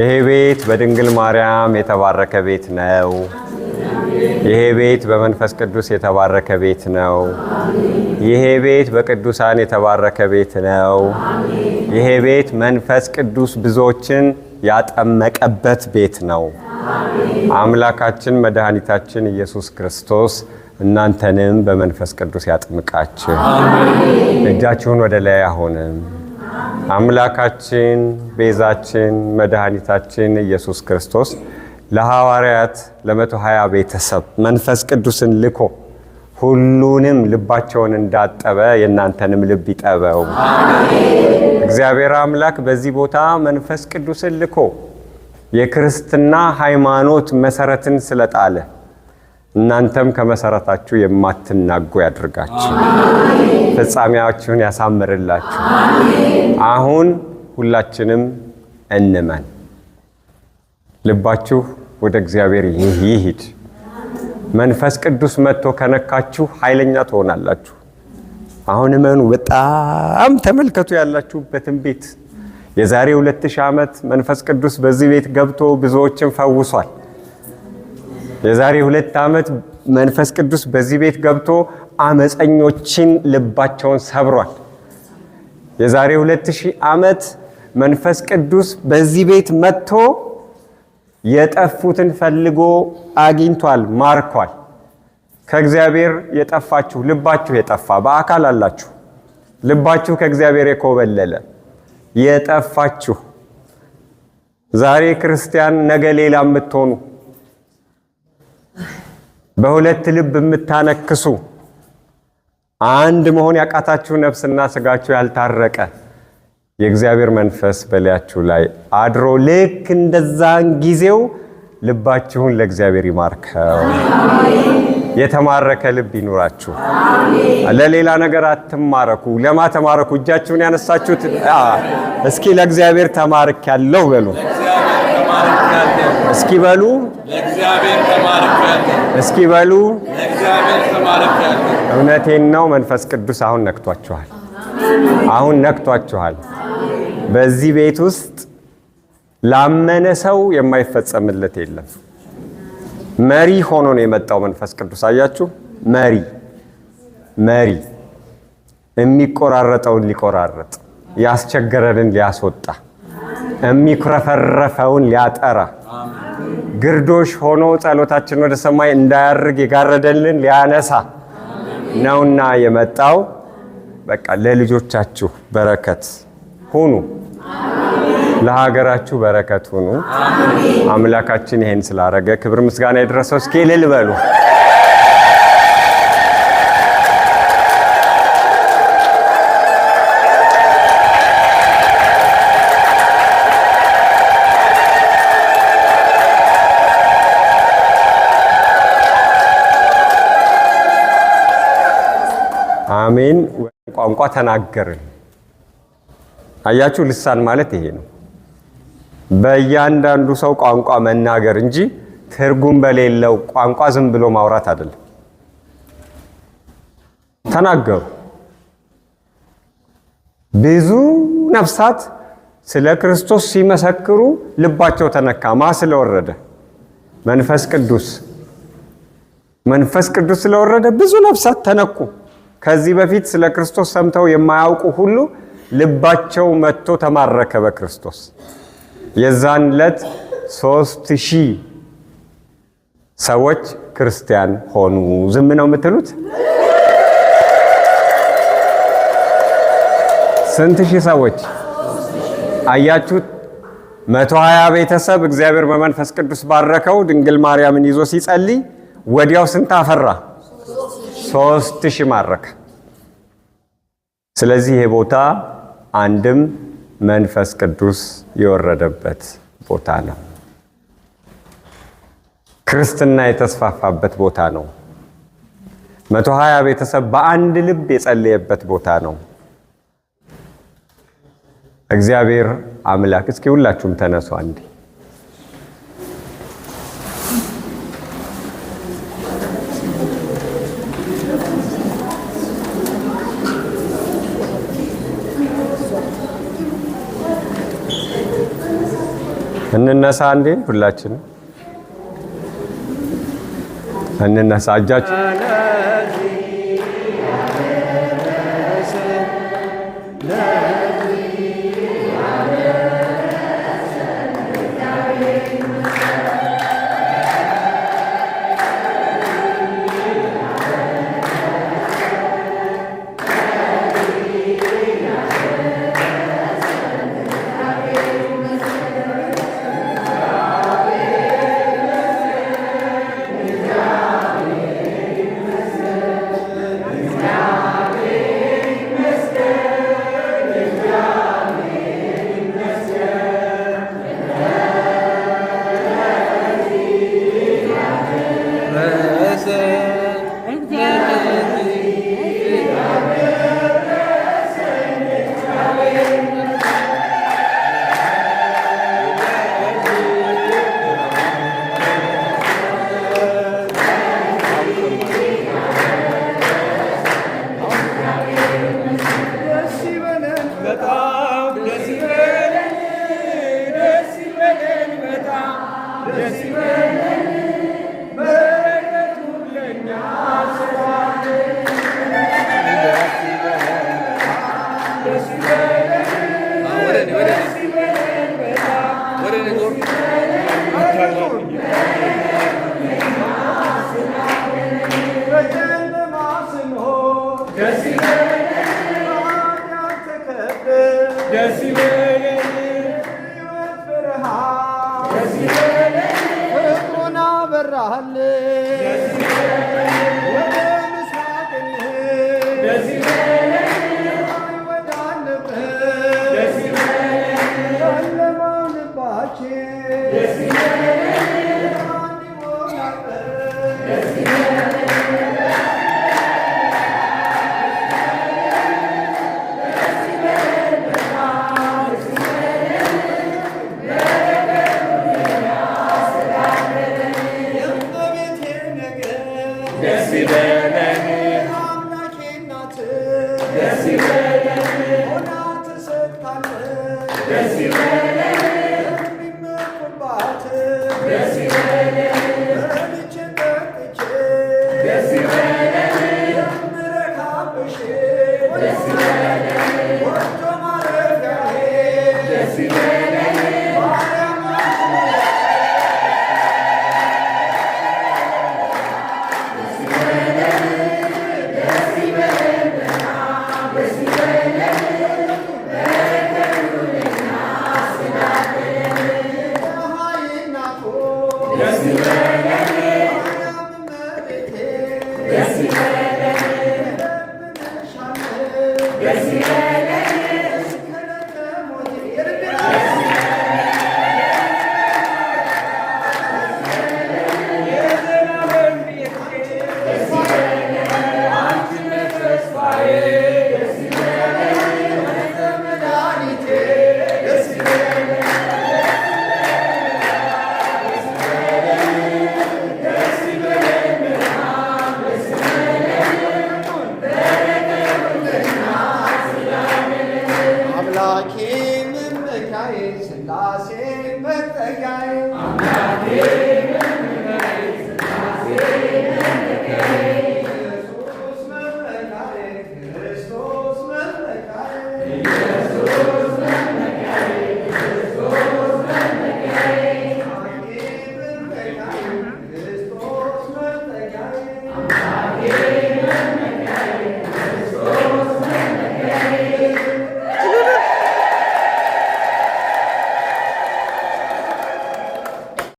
ይሄ ቤት በድንግል ማርያም የተባረከ ቤት ነው። ይሄ ቤት በመንፈስ ቅዱስ የተባረከ ቤት ነው። ይሄ ቤት በቅዱሳን የተባረከ ቤት ነው። ይሄ ቤት መንፈስ ቅዱስ ብዙዎችን ያጠመቀበት ቤት ነው። አምላካችን መድኃኒታችን ኢየሱስ ክርስቶስ እናንተንም በመንፈስ ቅዱስ ያጥምቃችሁ። እጃችሁን ወደ ላይ አሁንም አምላካችን ቤዛችን መድኃኒታችን ኢየሱስ ክርስቶስ ለሐዋርያት ለመቶ ሃያ ቤተሰብ መንፈስ ቅዱስን ልኮ ሁሉንም ልባቸውን እንዳጠበ የእናንተንም ልብ ይጠበው። እግዚአብሔር አምላክ በዚህ ቦታ መንፈስ ቅዱስን ልኮ የክርስትና ሃይማኖት መሰረትን ስለጣለ እናንተም ከመሰረታችሁ የማትናጉ ያድርጋችሁ፣ ፍጻሜያችሁን ያሳምርላችሁ። አሁን ሁላችንም እንመን። ልባችሁ ወደ እግዚአብሔር ይሂድ። መንፈስ ቅዱስ መጥቶ ከነካችሁ ኃይለኛ ትሆናላችሁ። አሁን እመኑ። በጣም ተመልከቱ ያላችሁበትን ቤት። የዛሬ ሁለት ሺህ ዓመት መንፈስ ቅዱስ በዚህ ቤት ገብቶ ብዙዎችን ፈውሷል። የዛሬ ሁለት ዓመት መንፈስ ቅዱስ በዚህ ቤት ገብቶ አመፀኞችን ልባቸውን ሰብሯል። የዛሬ ሁለት ሺህ ዓመት መንፈስ ቅዱስ በዚህ ቤት መጥቶ የጠፉትን ፈልጎ አግኝቷል፣ ማርኳል። ከእግዚአብሔር የጠፋችሁ ልባችሁ የጠፋ በአካል አላችሁ፣ ልባችሁ ከእግዚአብሔር የኮበለለ የጠፋችሁ ዛሬ ክርስቲያን ነገ ሌላ የምትሆኑ በሁለት ልብ የምታነክሱ አንድ መሆን ያቃታችሁ ነፍስና ስጋችሁ ያልታረቀ የእግዚአብሔር መንፈስ በላያችሁ ላይ አድሮ ልክ እንደዛን ጊዜው ልባችሁን ለእግዚአብሔር ይማርከው። የተማረከ ልብ ይኑራችሁ። ለሌላ ነገር አትማረኩ። ለማ ተማረኩ? እጃችሁን ያነሳችሁት እስኪ ለእግዚአብሔር ተማርክ ያለው በሉ። እስኪበሉ እስኪበሉ እውነቴን ነው። መንፈስ ቅዱስ አሁን ነክቷችኋል፣ አሁን ነክቷችኋል። በዚህ ቤት ውስጥ ላመነ ሰው የማይፈጸምለት የለም። መሪ ሆኖ ነው የመጣው መንፈስ ቅዱስ። አያችሁ፣ መሪ መሪ የሚቆራረጠውን ሊቆራረጥ ያስቸገረንን ሊያስወጣ የሚኩረፈረፈውን ሊያጠራ ግርዶሽ ሆኖ ጸሎታችን ወደ ሰማይ እንዳያርግ የጋረደልን ሊያነሳ ነውና የመጣው። በቃ ለልጆቻችሁ በረከት ሁኑ፣ ለሀገራችሁ በረከት ሁኑ። አምላካችን ይሄን ስላረገ ክብር ምስጋና የደረሰው እስኪ ልል በሉ። አሜን ቋንቋ ተናገርን። አያችሁ ልሳን ማለት ይሄ ነው። በእያንዳንዱ ሰው ቋንቋ መናገር እንጂ ትርጉም በሌለው ቋንቋ ዝም ብሎ ማውራት አይደለም። ተናገሩ። ብዙ ነፍሳት ስለ ክርስቶስ ሲመሰክሩ ልባቸው ተነካ። ማ ስለወረደ መንፈስ ቅዱስ መንፈስ ቅዱስ ስለወረደ ብዙ ነፍሳት ተነኩ። ከዚህ በፊት ስለ ክርስቶስ ሰምተው የማያውቁ ሁሉ ልባቸው መጥቶ ተማረከ በክርስቶስ። የዛን ዕለት ሶስት ሺህ ሰዎች ክርስቲያን ሆኑ። ዝም ነው የምትሉት? ስንት ሺህ ሰዎች አያችሁት? መቶ ሀያ ቤተሰብ እግዚአብሔር በመንፈስ ቅዱስ ባረከው። ድንግል ማርያምን ይዞ ሲጸልይ ወዲያው ስንት አፈራ? ሶስት ሺህ ማረከ። ስለዚህ ይሄ ቦታ አንድም መንፈስ ቅዱስ የወረደበት ቦታ ነው። ክርስትና የተስፋፋበት ቦታ ነው። መቶ ሀያ ቤተሰብ በአንድ ልብ የጸለየበት ቦታ ነው። እግዚአብሔር አምላክ እስኪ ሁላችሁም ተነሱ አንዴ እንነሳ አንዴ ሁላችንም እንነሳ እጃችን Decimate. አምላኬም መካዬ ሥላሴ መጠጊያዬ አምላኬ መካዬ ሥላሴ መጠጊያዬ